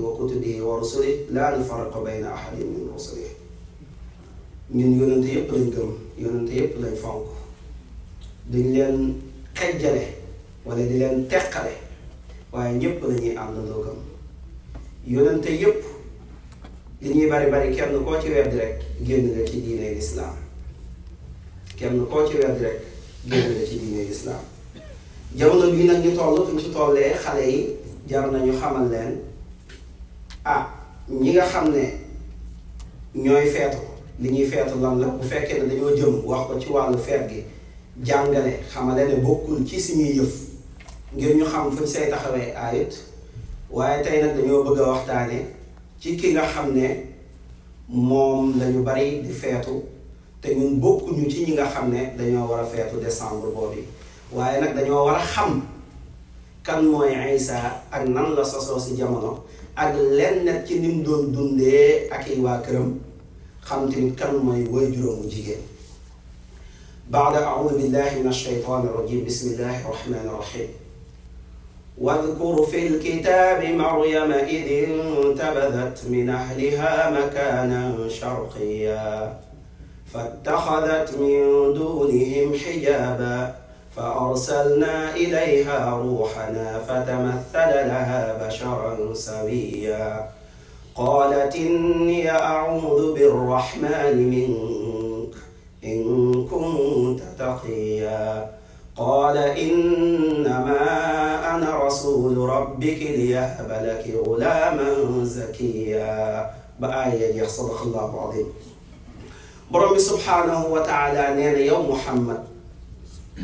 وكتبه ورسله لا نفرق بين احد من رسله من يونتي لن جم يونتي لن فانك دي لن كجله ولا دي لن تقله واي نيب لن ياند دوغم يونتي ييب دي ني باري باري كين كو تي ويب ديريك ген لا تي دين الاسلام كين كو تي ويب ديريك ген لا تي دين الاسلام جامنا بي نك ني تولو فيم سي تولي خالي جارنا نيو خامل لين ah ñi nga xam ne ñooy feetu li ñuy feetu lan la fekkee dañoo jëm wax ko ci wàllu feet gi jàngale xamale ne bokkul ci suñuy yëf ngir ñu xam fuñ say taxawee aayit waaye tey nag dañoo bëgg a waxtaane ci ki nga xam ne moom lañu bari di feetu te ñun bokkuñu ci ñi nga xam ne dañoo war a feetu décembre boobu waaye nag dañoo war a xam kan mooy Isa ak nan la sosoo si jamono ak lenn ci nim doon dundee ak ay waa بعد أعوذ بالله من الشيطان الرجيم بسم الله الرحمن الرحيم واذكر في الكتاب مريم إذ انتبذت من أهلها مكانا شرقيا فاتخذت من دونهم حجابا فأرسلنا إليها روحنا فتمثل لها بشرا سويا قالت إني أعوذ بالرحمن منك إن كنت تقيا قال إنما أنا رسول ربك ليهب لك غلاما زكيا بآية صدق الله العظيم برمي سبحانه وتعالى نيني يوم محمد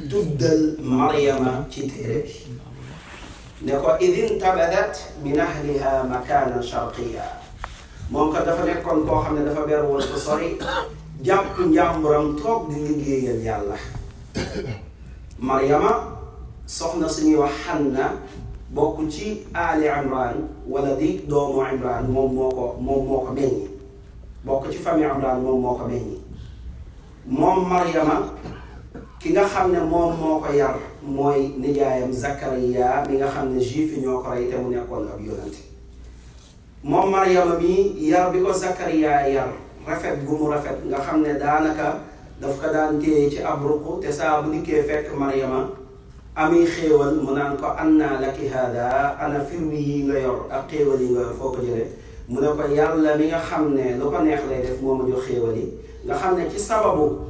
تدل مريم تتهرب نكو إذ انتبذت من أهلها مكانا شرقيا مونكا دفا نكون بو خامن دفا بير وول سوري جاب نيامبرام توك دي ليغيال يالا مريم صفنا سني وحنا بوكو تي آل عمران ولدي دوم عمران موم موكو موم موكو بيني بوكو تي فامي عمران موم موكو بيني موم مريم ki nga xam ne moom moo ko yar mooy nijaayam Zakariya mi nga xam ne juif yi ñoo ko rey te mu nekkoon ab yonante moom Maryama mi yar bi ko Zakariya yar rafet gu mu rafet nga xam ne daanaka daf ko daan téye ci ab ruq te saa bu dikkee fekk Maryama ami xéewal mu naan ko annaa laki haada ana firwi yi nga yor ak xéewal yi nga yor foo ko jëlee mu ne ko yàlla mi nga xam ne lu ko neex lay def moo ma jox xéewal yi nga xam ne ci sababu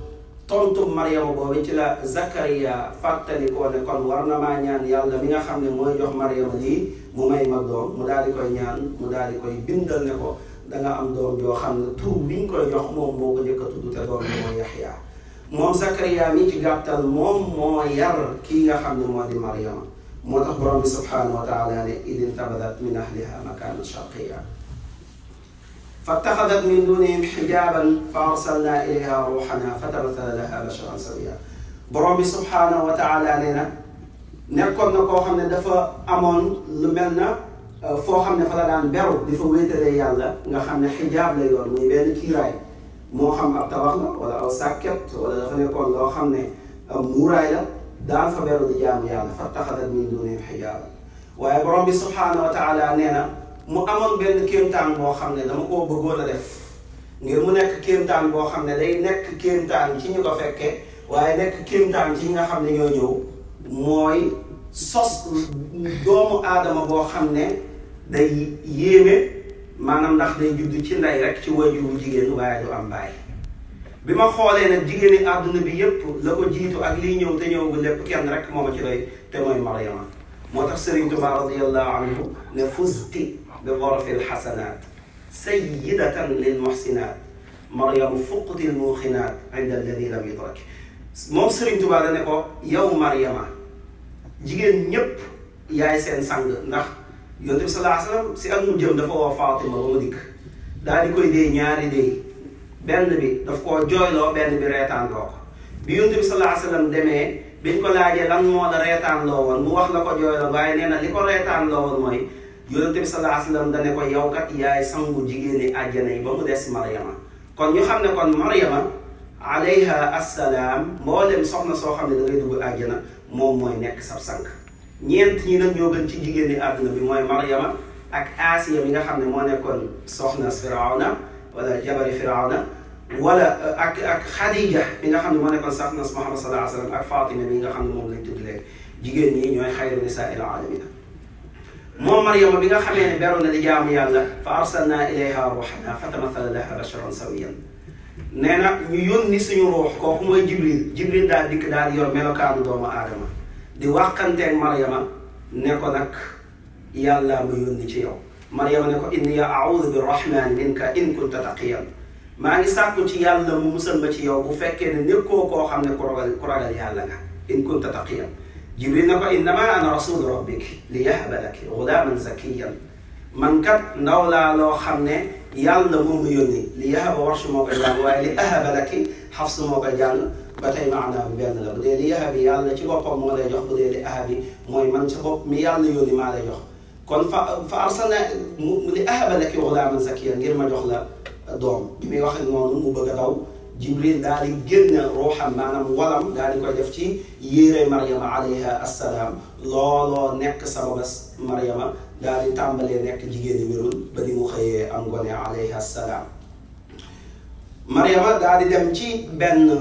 o Mariama boobu ci la Zakaria fàttali ko ne kon war na maa ñaan yàlla mi nga xam ne mooy jox Mariama lii mu may ma doom mu daal di koy ñaan mu daal koy bindal ne ko da am doom joo xam ne tur biñ koy jox moom moo ko njëkk a tudd te doom bi mooy Yaxya moom Zakaria mi ci gàttal moom moo yar kii nga xam ne moo di Mariama moo tax borom bi subhaanahu wa taala ne idin min ahliha makaana sharqiya فاتخذت من دونهم حجابا فارسلنا اليها روحنا فتمثل لها بشرا سويا borom bi subhanahu wa taala nee na nekkoon na koo xam ne dafa amoon lu mel na foo xam ne fa la daan beru di fa wéetalee yàlla nga xam ne xijaab lay doon muy benn kiiraay moo xam ab tabax la wala aw sàkket wala dafa nekkoon loo xam ne muuraay la daan fa beru di jaamu yàlla fa taxadat min dunim xijaaba waaye borom bi subhanahu wa taala nee na mu amoon benn kéemtaan boo xam ne dama koo bëggoon a def ngir mu nekk kéemtaan boo xam ne day nekk kéemtaan ci ñu ko fekke waaye nekk kéemtaan ci ñi nga xam ne ñoo ñëw mooy sos doomu aadama boo xam ne day yéeme maanaam ndax day di ci ndey rek ci wajur wu jigéen waaye du am bàyyi bi ma xoolee ne jigéen yi bi yépp la ko jiitu ak liy ñëw te ñëwagul lépp kenn rek moo ma ci doy te mooy Maryama moo tax Sëriñ Tuubaa radiyallahu anhu ne fusti بظرف الحسنات سيدة للمحسنات مريم فقد الموخنات عند الذي لم يدرك موصر انتو بعد نكو يو مريم جيجن نيب يا سين سانغ نخ يونتو صلى الله عليه وسلم سيال مجم دفو فاطمة ومدك دالي كوي دي نياري دي بن بي دفكو جوي لو بن بي ريتان لو بي صلى الله عليه وسلم دمي بن كو لاجي لن مو دا ريتان لو ون لكو جوي لو باي نينا لكو ريتان لو موي yonente bi sallallahu alayhi wa sallam dane ko yow kat yaay sangu jigéeni àjjana yi ba mu des Maryama kon ñu xam ne kon Maryama alayha assalaam mboolem soxna soo xam ne da ngay dugg àjjana mooy nekk sab sànq ñeent ñi nag ñoo gën ci jigéen ñi àdduna bi mooy Maryama ak Asiya mi nga xam ne moo nekkoon soxna Firawna wala jabari Firawna wala eh, ak ak Xadija mi nga xam ne moo nekkoon soxna Muhammad sallallahu alayhi ak Fatima mi nga xam ne moom lañ jigéen ñi ñooy xayru مو مريم بيغا خامي بيرو ندي جام يالا فارسلنا اليها روحنا فتمثل لها بشرا سويا نينا ني يوني روح كوكو موي جبريل جبريل دا ديك دا يور ملوكان دوما ادم دي واخانتي اك مريم نيكو ناك يالا مو يوني تي يو مريم نيكو اني اعوذ بالرحمن منك ان كنت تقيا ما ني تي يالا مو مسل يو بو نيكو كو خامني كورغال كورغال يالا ان كنت تقيا جبريل نقول إنما أنا رسول ربك ليهب لك غلاما زكيا من كت نولا لو خمنا يلا مو يوني ليهب ورش مو بجان وإلي أهب لك حفص مو بجان بتاي معنا بيان لا بدي ليهب يلا تي بوب مو لا يخ بدي لأهب موي من تي بوب مي يلا يوني ما لا يخ كون فأرسلنا ليهب لك غلاما زكيا غير ما جخلا دوم بمي واخ نون مو بغا داو جبريل دالي جن روحا معنا مولم دالي كوي دفتي مريم عليها السلام لولا نك سبب مريم دالي تعمل نك جيجي ميرون بدي مخي أنغوني عليها السلام مريم دالي دمتي بن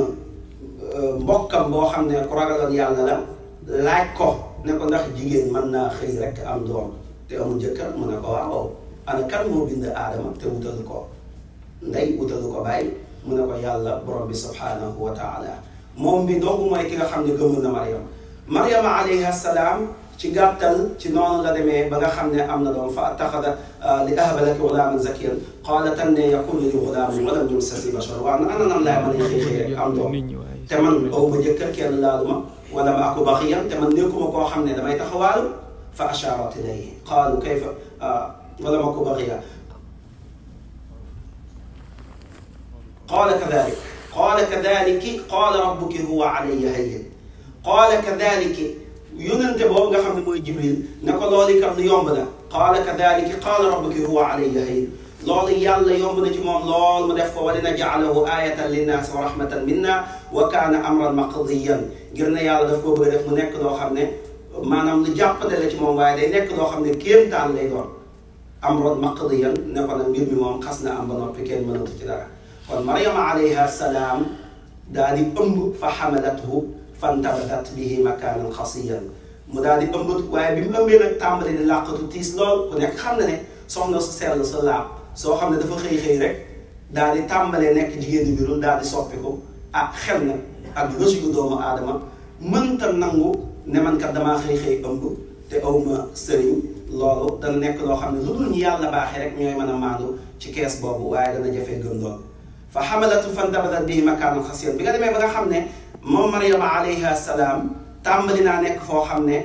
آه، مبكم بوخم نه قرار الله يالنا لا لايكو نكون داخل جيجي من خيرك أم دوم te amu jëkkër mu ne ko waaw ana kan moo bind aadama mu ne ko yàlla borom bi subhanahu wa taala moom bi dong mooy ki nga xam ne gëmul na Mariam Mariam alayha salaam ci gàttal ci noonu la demee ba nga xam ne am na doom fa attaxada li ahbalaki gulaaman zakiyan qaala tan ne yakunu li gulaamun walam yumsasni bashar waa na ana nan laay mën a xëy am doom te man aw ma jëkkër kenn laalu ma wala ma aku baxiyan te man nekkuma koo xam ne damay taxawaalu fa asharat ilayhi qaalu kayfa wala ma aku baxiya قال كذلك قال كذلك قال ربك هو علي هين قال كذلك يوننت بوغا خامني موي جبريل نكو لولي كان يومبا قال كذلك قال ربك هو علي هين لول يالا يومبا جي موم لول مو ديف كو ولنا جعله ايه للناس ورحمه منا وكان امرا مقضيا غيرنا يالا داف كو بغي ديف مو نيك دو خامني مانام لو جابدال لي موم واي داي نيك دو خامني كيم تان لي دون امرا مقضيا نكو نا موم خاصنا ام با نوبي مانو تي دارا kon maryama alayha salaam daal di ëmb fa xamalathu fantabatat makaanan xasiyan mu daal di ëmb waaye bi mu ëmbee nag tàmbali di làqatu tiis lool ku nekk xam na ne su sell sa laab soo xam ne dafa xëy xëy rek daal di tàmbalee nekk jigéen ñi birul daal di a ko ah xel na ak logique doomu aadama nangu ne man kat damaa xëy xëy te awma sëriñ loolu dana nekk loo xam ne lu dul ñu yàlla baaxee rek ñooy mën a ci kees boobu waaye dana jafee fa xamalatu fantabadat bihi makaanan xasiyan bi nga demee ba nga xam ne moom Maryama alayha salaam tàmbali naa nekk foo xam ne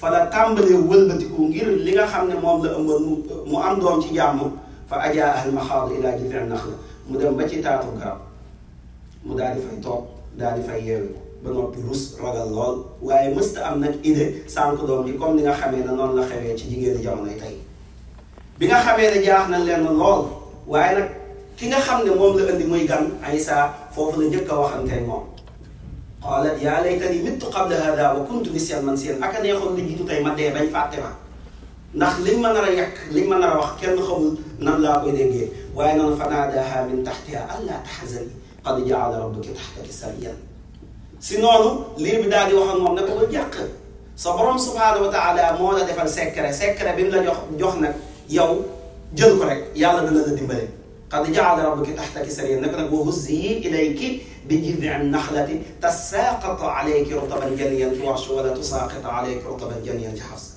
fa la tàmbalee wëlbatiku ngir li nga xam ne moom la ëmboon mu am doom ci jàmm fa ajaa ahal maxaadu ilaa jifi nax la mu dem ba ci taatu garab mu daal di fay toog daal di fay yeewu ba noppi rus ragal lool waaye mësta am nag idée sànq doom bi comme ni nga xamee ne noonu la xewee ci jigéenu jamonoy tey bi nga xamee ne jaax nañ leen lool waaye nag. ki nga xam ne moom la indi muy gan Aïssa foofu la njëkk a waxanteen moom qaalat yaa laytani mittu qabla hada wa kuntu nisyan mansiyan ak a neexoon li jiitu tey ma dee bañ fàtte ma ndax liñ ma nar a yàq liñ ma nar a wax kenn xamul nan laa koy déggee waaye nan fanaadaha min taxtiha allaa tahzani qad jaala rabbuki taxtaki si noonu liir bi daal di waxoon moom ne ko ba jàq sa borom subhaanahu moo la defal secret secret bi mu la jox jox nag yow jël ko rek yàlla dana la dimbale قد جعل ربك تحتك سريا نقدر وهزي اليك بجذع النخلة تساقط عليك رطبا جنيا تواش ولا تساقط عليك رطبا جنيا جحص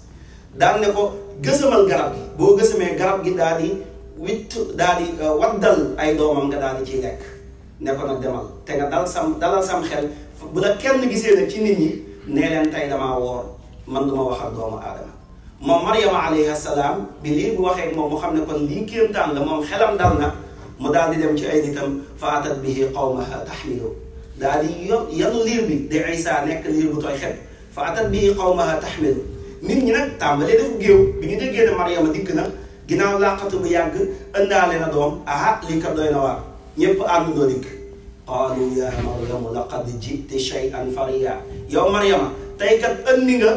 دان نكو قسم الغرب بو قسم الغرب دادي ويت دادي ودل اي دوم ام دادي جي لك نكو نك دمال دال سام دال سام خيل بودا كين غيسي لك ني ني نيلن تاي دما وور من دوما واخا دوما ادم مريم عليه السلام بلي بوخيك مو خامني كون لي كيرتان لا موم خلام دالنا مدادي دم شيء تم فاتت به قومها تحمله دادي يوم يلو لير بي دي عيسى نك لير بتوعي خب فاتت به قومها تحمله من ينك تعمل إذا فجيو بني دجيل مريم دكنا جنا الله كتب يعج أن علينا دوم أها لك دوينا وار يب أمن دوك قالوا يا مريم لقد جئت شيئا فريا يا مريم تايكت أنيغا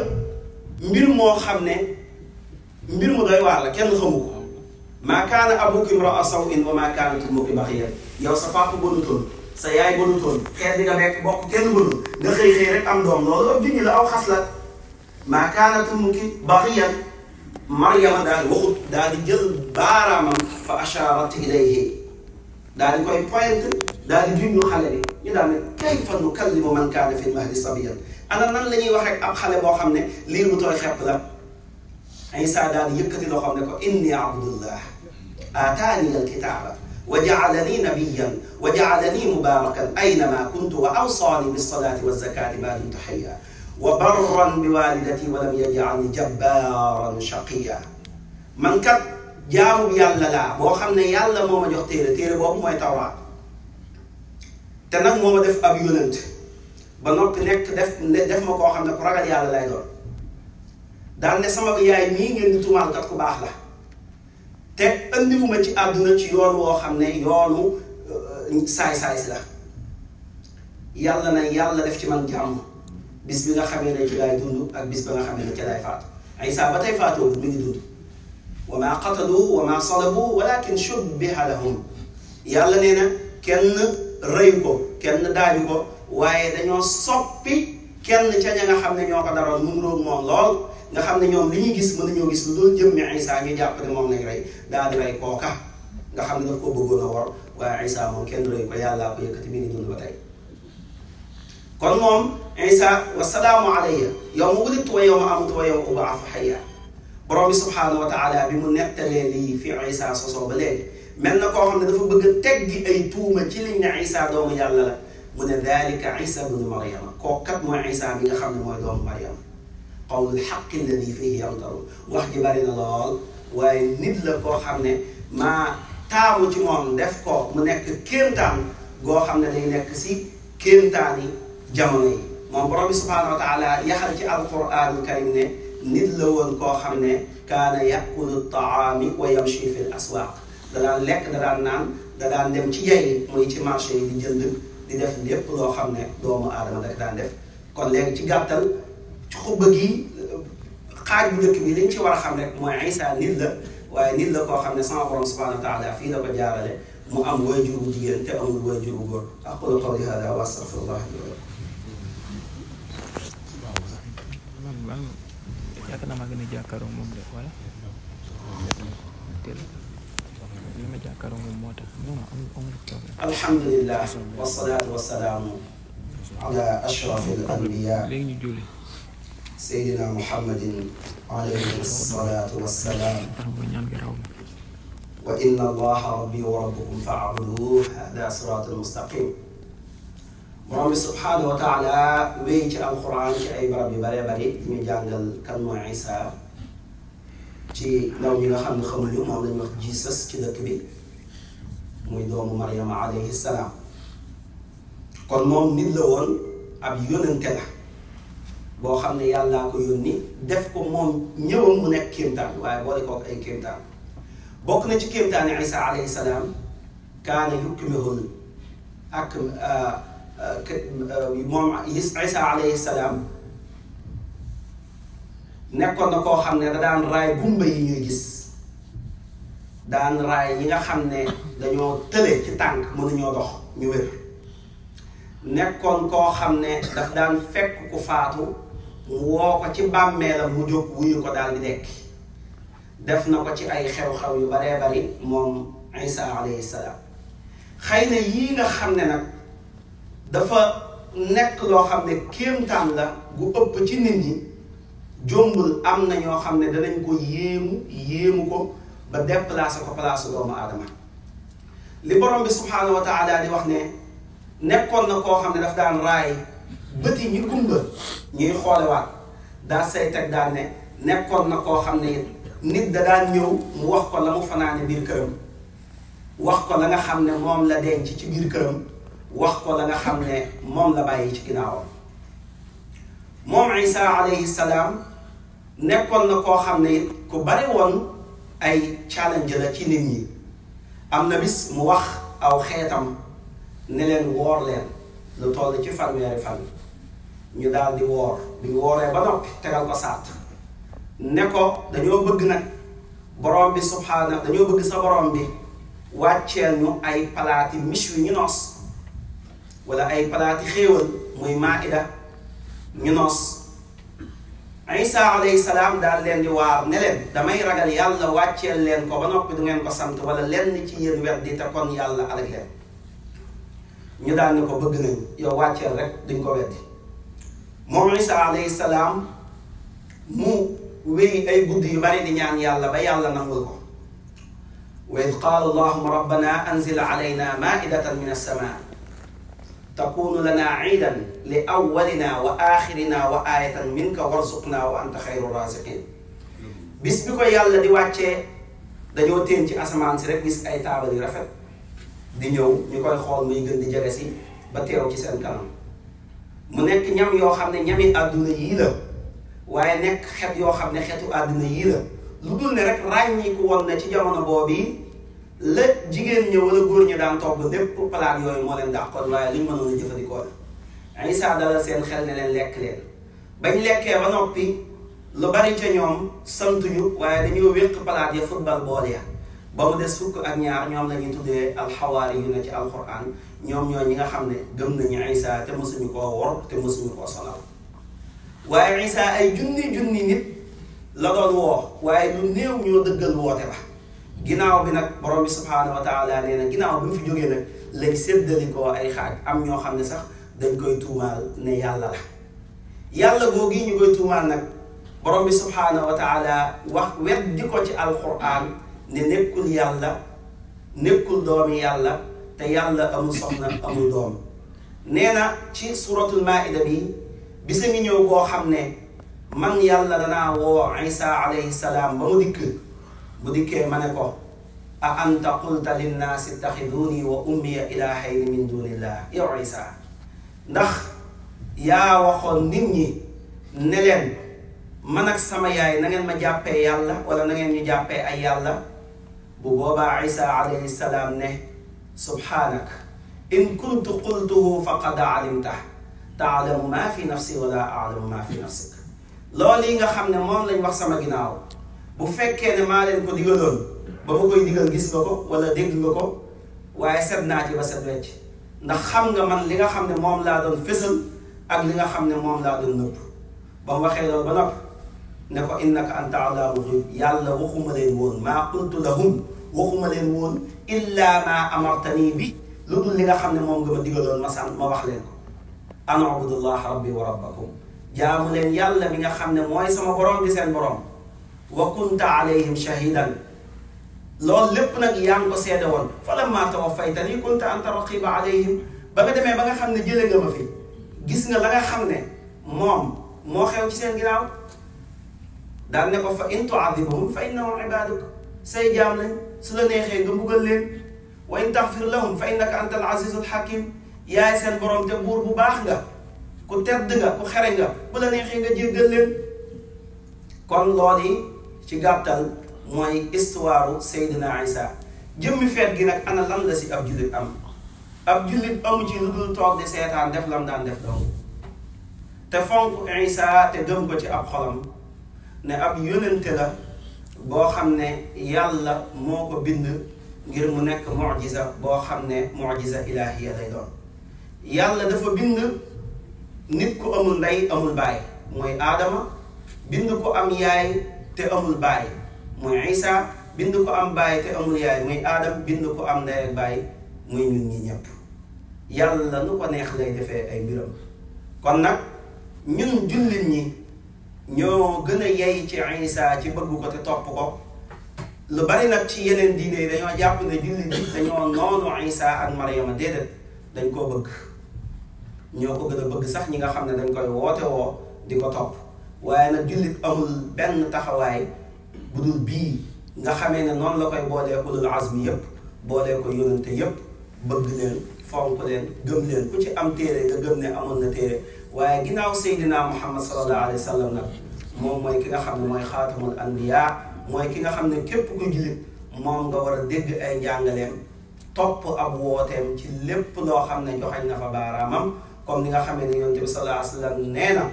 مير مو خامني مير مو دوي وار لكن خمو ما كان ابوك امرا سوء وما كانت امك بخيه يو صفاك بنتون سا ياي بنتون كين ديغا نيك بوك كين بنو دا خي خي رك ام دوم لولو اب جيني لا او خاص لا ما كانت امك بخيه مريم دا وخت دا دي جيل بارام فاشارت اليه دا كوي بوينت دا دي بيمو خالي كيف نكلم من كان في المهد صبيا انا نان لا ني اب خالي بو خامني لير مو توي خيب لا عيسى اني عبد الله آتاني الكتاب وجعلني نبيا وجعلني مباركا أينما كنت وأوصاني بالصلاة والزكاة ما دمت حيا وبرا بوالدتي ولم يجعلني جبارا شقيا من كت جام يالا لا بو يالا موما جوخ تيري تيري بوبو موي موما ديف اب يوننت با نوبي نيك ديف ديف ما كو يالا لاي دور دان سما ياي مي ني نتومال كات te andiwuma ci àdduna ci yoon woo xam ne yoonu euh, saay-saay si la yàlla na yàlla def ci man jàmm bis bi nga xamee ne ci laay dund ak bis faatu Isa ba tey faatoo mi qatalu wa maa salabu walakin shubbiha lahum yàlla nee na kenn rëyu kenn daaju waaye dañoo soppi kenn ca ña nga xam ne ñoo ko daroon mu ngi moom lool nga xam ne ñoom li ñuy gis mën nañoo gis lu dul jëmmi Isa ñu jàpp ne moom lañ rey daal di rey kooka nga xam ne daf ko bëggoon a war waaye Isa moom kenn roy ko yàllaa ko yëkkati mi ngi dund ba tey kon moom Isa wasalaamu alayya yow ma wulidtu wa yow ma amutu wa yow ma ubaasu xayya borom bi subhaanahu wa taala bi mu nettalee lii fi Isa sosoo ba léegi mel na koo xam ne dafa bëgg a teggi ay tuuma ci liñ ne Isa doomu yàlla la mu ne daalika Isa bnu Maryama kookat mooy Isa bi nga xam ne mooy doomu Maryama qawlul xaqi alladi fihi yamtaru wax waaye nit la koo xam ne maa taamu ci moom def ko mu nekk kéemtaan goo xam ne day nekk si kéemtaani jamono yi moom borom bi subhaanahu wa taala yaxal ci alquraanul karim ne nit la woon koo xam ne kaana yakulu taami wa yamshi fi l aswaaq lekk da naan da daan ci yey muy ci marché yi di jënd di def lépp loo xam ne doomu aadama rek daan def kon léegi ci gàttal xubba gi xaaj bu njëkk bi liñ ci war a xam rek mooy Isa nit la waaye nit la koo xam ne sama borom subhanahu wa taala fii la ko jaarale mu am waajur bu jigéen te amul waajur bu góor aqulu qawli hada wa astaghfirullah li wa lakum yaakaar naa maa gën a jàkkaaroo moom de voilà li ma jàkkaaroo moom moo tax non amul amul problème alhamdulillah wasalaatu wasalaamu ala ashrafil anbiya léegi ñu julli سيدنا محمد عليه الصلاة والسلام وإن الله ربي وربكم فاعبدوه هذا صراط المستقيم مرام سبحانه وتعالى ويك القرآن كأي بربي بري بري من جانجل كنو عيسى تي لو بينا خم خم اليوم هم لما جيسس كبير ويدوم مريم عليه السلام كنو نلون أبي يونن boo xam ne yàllaa ko yónni def ko moom ñëwam mu nekk kéemtaan waaye boole kook ay kéemtaan bokk na ci kéemtaani isa alayhi salaam kaana yukmihul ak ah, ah, ah, moom isa alayhi salaam nekkoon na koo xam ne da daan raay gumba yi ñuy gis daan raay yi nga xam ne dañoo tële ci tànk mënuñoo dox ñu wér nekkoon koo xam ne daf daan fekk ku faatu mu woo ko ci bàmmeelam mu jóg wuyu ko daal di dekk def na ko ci ay xew-xew yu baree bari moom isa alayhi salaam xëy na yii nga xam ne nag dafa nekk loo xam ne kéemtaan la gu ëpp ci nit ñi jombul am na ñoo xam ne danañ ko yéemu yéemu ko ba déplacé ko place doomu aadama li borom bi subhaanahu wa di wax ne nekkoon na koo xam ne daf daan raay bëti yi ñu kumba ñuy xoolewaat daa say teg daal nekkoon na koo xam ne nit da daan ñëw mu wax ko la mu fanaane biir këram wax ko la nga xam ne moom la denc ci biir këram wax ko la xam ne moom la bàyyi ci ginnaawam moom isa alayhi salaam nekkoon na koo xam ne it ku bari woon ay challenge la ci nit yi am na bis mu wax aw xeetam ne leen woor leen lu toll ci far fan ñu daal di woor bi ñu wooree ba noppi tegal ko sart ne ko dañoo bëgg nag borom bi subhaana dañoo bëgg sa borom bi wàcceel ñu ay palaati miche wi ñu wala ay palaati xéewal muy maida ñu noos Isa alayhi salaam daal leen di waar ne leen damay ragal yàlla wàcceel leen ko ba noppi du ngeen ko sant wala lenn ci yéen wer di te kon yàlla alag leen ñu daal ne ko bëgg nañ yow wàcceel rek duñ ko weddi moom Isa alayhi salaam mu wéy ay guddi yu bari di ñaan yàlla ba yàlla nangul ko wa id qaala allahuma rabbana anzil alayna maidatan min alsama takunu lana ciidan li awalina wa axirina wa aayatan minka warzuqna wa anta xayru raziqin bis bi ko yàlla di wàccee dañoo téen ci asamaan si rek gis ay taabal yu rafet di ñëw ñu koy xool muy gën di jege si ba teew ci seen kanam mu nekk ñam yoo xam ne ñami àdduna yii la waaye nekk xet yoo xam ne xetu àdduna yii la lu dul ne rek ràññiku woon na ci jamono boobu la jigéen ñi wala góor ñi daan togg lépp palaat yooyu moo leen dàqoon waaye li ñu mënoon a jëfandikoo la Isaa dalal seen xel ne leen lekk leen bañ lekkee ba noppi lu bari ca ñoom santuñu waaye dañoo wéq palaat ya football bool ya ba mu des fukk ak ñaar ñoom la ñuy tuddee alxawaari yu ci alquran ñoom ñoo ñi nga xam ne gëm nañu Isa te mësuñu koo ay junni junni nit la doon woo waaye lu néew ñoo dëggal woote ba ginnaaw bi nag borom bi subhaanahu wa taala nee na ginnaaw bi mu fi jógee nag léegi séddalikoo ay xaaj am ñoo xam ne sax dañ koy tuumaal ne yàlla la yàlla googu ñu koy tuumaal nag borom bi subhaanahu wa wax weddi ko ci alquran ne nekkul yàlla nekkul doomi yàlla te yàlla amul soxna amul doom nee na ci suratul maida bi bisa ngi ñëw boo xam ne man yàlla danaa woo salaam ba mu dikk bu dikkee ma ne ko a anta qulta linnaasi ittaxiduuni wa ummiya ilaahayni min dunillah yow isa ndax yaa waxoon nit ñi ne man ak sama yaay na ngeen ma jàppee yàlla wala na ngeen ñu jàppee ay yàlla بوبا عيسى عليه السلام نه سبحانك إن كنت قلته فقد علمته تعلم ما في نفسي ولا أعلم ما في نفسك loolu yi nga xam ne moom lañ wax sama ginnaaw bu fekkee ne maa leen ko digaloon ba ma koy digal gis nga ko wala dégg nga ko waaye set naa ci ba set wecc ndax xam nga man li nga xam ne moom laa doon fësal ak li nga xam ne moom laa doon nëbb ba mu waxee loolu ba nopp ne ko innaka anta alaamu xuyub yàlla waxuma leen woon maa qultu lahum waxuma leen woon illa ma amartani bi lu dul li nga xam ne moom nga ma digaloon ma sant ma wax leen ko an abudullah rabbi wa rabbakum jaamu leen yàlla mi nga xam ne mooy sama borom di seen borom wa kunta alayhim shahidan loolu lépp nag yaa ngi ko seede woon fa lamma tawaffaytani kunta anta raqiba alayhim ba nga demee ba nga xam ne jëlee nga ma fi gis nga la nga xam ne moom moo xew ci seen ginnaaw daan ne ko fa in tuadibuhum fa innahum ibaduk say jaam lañ su la neexee nga mbugal leen wa in taxfir lahum fa innaka anta al azizul hakim yaay seen borom te buur bu baax nga ku tedd nga ku xere nga bu la neexee nga jéggal leen kon loolu ci gàttal mooy histoire Seydina Isa jëmmi feet gi nag ana lan la si ab jullit am ab jullit amu ci lu toog di seetaan def lam daan def dong te fonk Isa te gëm ko ci ab xolam ne ab yónnente la boo xam ne yàlla moo ko bind ngir mu nekk mucjisa boo xam ne mucjisa ilaahiya lay doon yàlla dafa bind nit ku amul ndey amul baay mooy aadama bind ku am yaay te amul baay mooy isa bind ko am baay te amul yaay muy aadam bind ko am ndey ak muy ñun ñi ñëpp yàlla nu ko neex lay defee ay mbiram kon nag ñun jullit ñi ñoo gën a yey ci Isa ci bëgg ko te topp ko lu bari nag ci yeneen diine yi dañoo jàpp ne jullit yi dañoo noonu Isa ak Maryama déedéet dañ koo bëgg ñoo ko gën a bëgg sax ñi nga xam ne dañ koy woote woo di ko topp waaye nag jullit amul benn taxawaay bu dul bii nga xamee ne noonu la koy boolee ulul azmi yépp boolee ko yónente yépp bëgg leen fonk leen gëm leen ku ci am téere nga gëm ne amoon na téere waaye ginnaaw Seydina Muhammad sallallahu alayhi wa sallam nag moom mooy ki nga xam ne mooy xaatamul anbiya mooy ki nga xam ne képp ku jullit moom nga war a dégg ay njàngaleem topp ab wooteem ci lépp loo xam ne joxañ na fa baaraamam comme ni nga xamee ne yonent bi sallallahu alayhi wa sallam nee na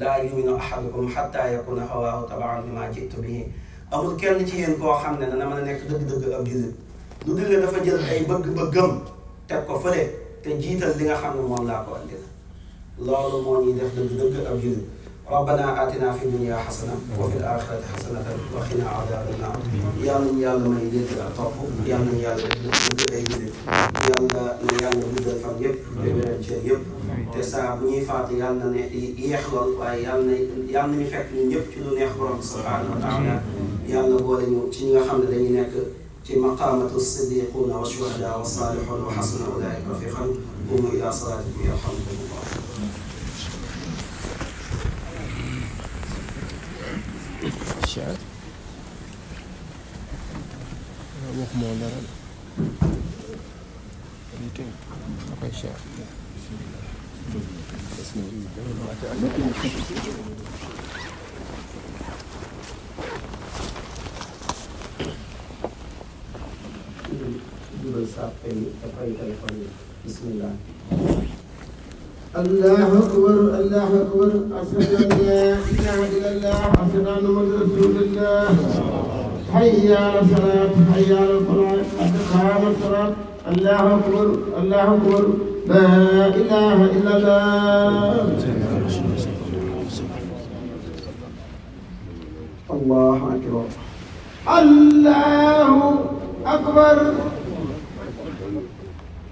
laa yuminu ahadukum xatta yakuna hawaahu tabaan lima jitu bihi amul kenn ci yéen koo xam ne dana mën a nekk dëgg-dëgg ab jullit lu dul ne dafa jël ay bëgg-bëggam tek ko fele te jital li nga xamne mom la ko andi lolu mo ñi def deug deug ab yu ربنا آتنا في الدنيا حسنة وفي الآخرة حسنة وقنا عذاب النار يا من يال ما يدير الطف يا من يال بدر أيدير يال ما يال بدر فجيب بدر جيب تسا بني فات يال نن يخلق ويال ن يال نفك نجيب كل نخبر سبحان الله يال بولين تين يا خم الدنيا كما قامت الصديقون والشهداء والصالحون وحسن أولئك رفيقا قوموا إلى صلاتكم يرحمكم الله الشعر الشعر بسم الله بسم الله الله اكبر الله اكبر اشهد ان لا اله الا الله اشهد ان محمدا رسول الله حي على الصلاه حي على الفلاح قد قام الصلاه الله اكبر الله اكبر لا اله الا الله الله اكبر الله اكبر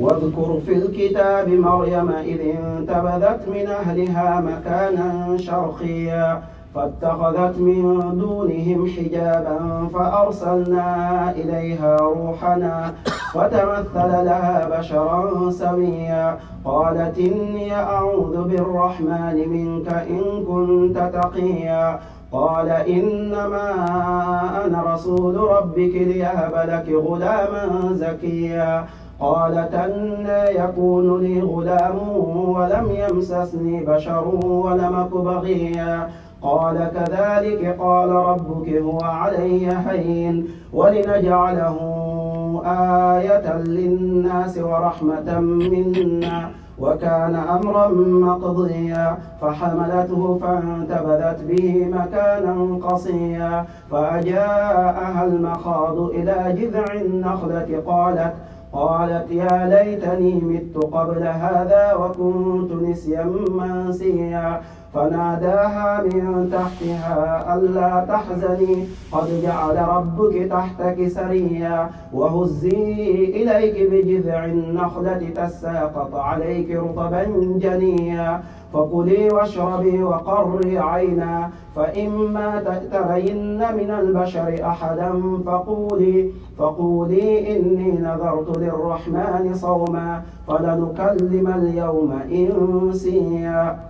واذكر في الكتاب مريم إذ انتبذت من أهلها مكانا شرقيا فاتخذت من دونهم حجابا فأرسلنا إليها روحنا فتمثل لها بشرا سميا قالت إني أعوذ بالرحمن منك إن كنت تقيا قال إنما أنا رسول ربك ليهب لك غلاما زكيا قالت أنى يكون لي غلام ولم يمسسني بشر ولم بغيا قال كذلك قال ربك هو علي حين ولنجعله آية للناس ورحمة منا وكان أمرا مقضيا فحملته فانتبذت به مكانا قصيا فأجاءها المخاض إلى جذع النخلة قالت قالت يا ليتني مت قبل هذا وكنت نسيا منسيا فناداها من تحتها ألا تحزني قد جعل ربك تحتك سريا وهزي إليك بجذع النخلة تساقط عليك رطبا جنيا فكلي واشربي وقري عينا فإما تأترين من البشر أحدا فقولي فقولي إني نذرت للرحمن صوما فلنكلم اليوم إنسيا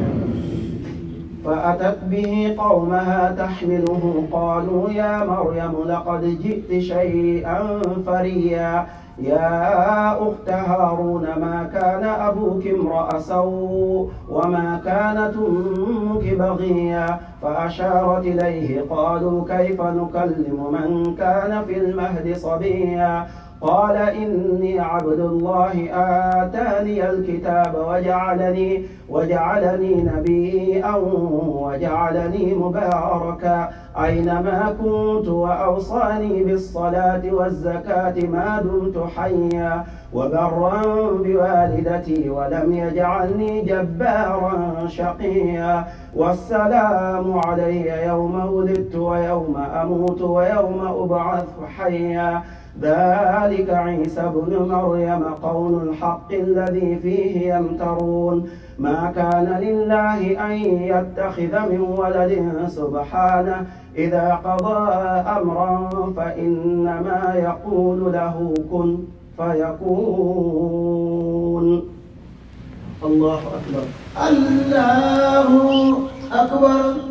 فأتت به قومها تحمله قالوا يا مريم لقد جئت شيئا فريا يا أخت هارون ما كان أبوك امرأ سوء وما كانت أمك بغيا فأشارت إليه قالوا كيف نكلم من كان في المهد صبيا قال إني عبد الله آتاني الكتاب وجعلني وجعلني نبيا وجعلني مباركا أينما كنت وأوصاني بالصلاة والزكاة ما دمت حيا وبرا بوالدتي ولم يجعلني جبارا شقيا والسلام علي يوم ولدت ويوم أموت ويوم أبعث حيا ذلك عيسى ابن مريم قول الحق الذي فيه يمترون ما كان لله أن يتخذ من ولد سبحانه إذا قضى أمرا فإنما يقول له كن فيكون الله أكبر الله أكبر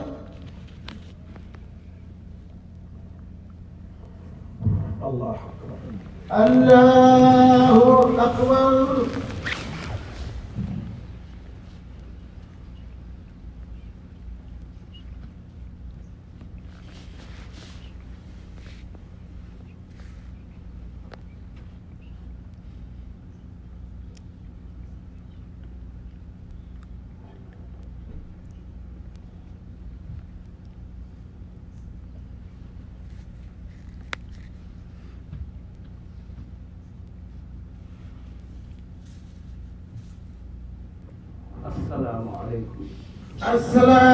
الله أكبر الله أكبر asalaamaaleykum.